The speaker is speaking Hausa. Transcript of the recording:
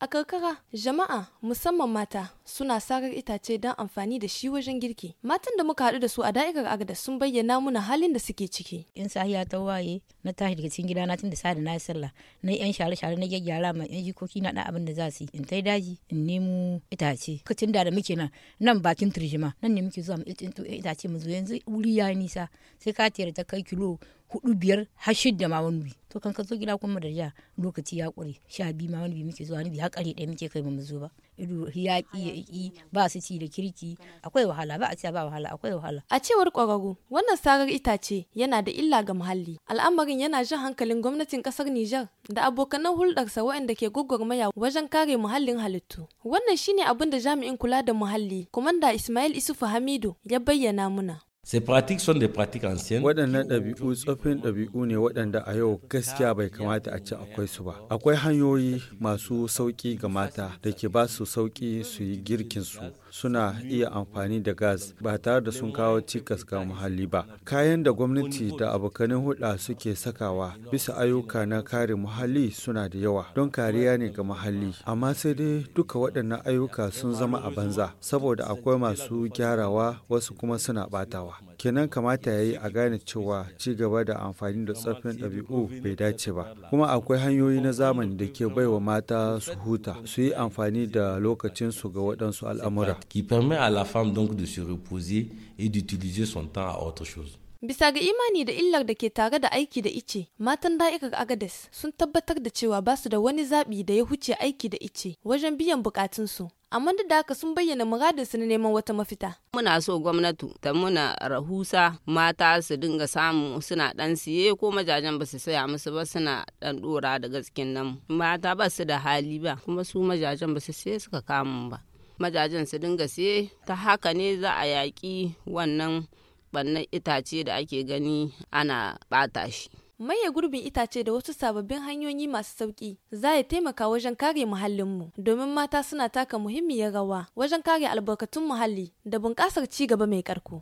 A karkara, jama'a musamman mata suna sarar itace don amfani da shi wajen girki. Matan da muka haɗu da su a da'irar agada sun bayyana muna halin da suke ciki. In sahiya ta waye na tashi daga cikin gida na tun da sa da na yi sallah na yan share share na gyaggyara ma yan jikoki na ɗan abin da za su yi in ta daji in nemo itace. Kacin da da muke nan nan bakin turjima nan ne muke zuwa mu itace mu zo yanzu wuri ya nisa sai ka ta kai kilo hudu biyar har shidda ma wani bi to kan ka zo gida kuma da lokaci ya kure sha biyu ma wani bi muke zuwa wani bi har kare ɗaya muke kai mu zo ba ido ya ki ya ki ba su ci da kirki akwai wahala ba a ce ba wahala akwai wahala a cewar ƙwararru wannan sarar itace yana da illa ga muhalli al'amarin yana jan hankalin gwamnatin ƙasar Nijar da abokanan hulɗarsa waɗanda ke gwagwarmaya wajen kare muhallin halittu wannan shine abin da jami'in kula da muhalli komanda Ismail Isufu Hamidu ya bayyana muna Ces pratiques sont des pratiques anciennes. Waɗannan ɗabi'u tsoffin ɗabi'u ne waɗanda a yau gaskiya bai kamata a ce akwai su ba. Akwai hanyoyi masu sauƙi ga mata da ke ba su sauƙi su yi girkin su. Suna iya amfani da gas ba tare da sun kawo cikas ga muhalli ba. Kayan da gwamnati da abokanin hulɗa suke sakawa bisa ayyuka na kare muhalli suna da yawa don kariya ne ga muhalli. Amma sai dai duka waɗannan ayyuka sun zama a banza saboda akwai masu gyarawa wasu kuma suna ɓatawa. kenan kamata ya yi a gane cewa ci gaba da amfani da tsaffin ɗabi'u bai dace ba kuma akwai hanyoyi na zamani da ke baiwa mata su huta su yi amfani da lokacinsu ga waɗansu al'amura qui permet à la femme donc de se reposer et d'utiliser son temps à autre Bisa ga imani da illar da ke tare da aiki da ice, matan da'ikar Agades sun tabbatar da cewa ba su da wani zaɓi da ya huce aiki da ice wajen biyan bukatunsu. amma duk da haka sun bayyana muradinsu na neman wata mafita. Muna so gwamnati ta muna rahusa mata su dinga samu suna dan siye ko majajen ba su saya musu ba suna dan dora da gaskin nan. Mata ba su da hali ba kuma su majajen ba su saye suka kama ba. Majajen su dinga siye ta haka ne za a yaƙi wannan bannan itace da ake gani ana ɓata shi. Maye gurbin itace da wasu sababbin hanyoyi masu sauki za ya taimaka wajen kare muhallinmu domin mata suna taka muhimmiyar rawa wajen kare albarkatun muhalli da bunƙasar ci gaba mai ƙarko.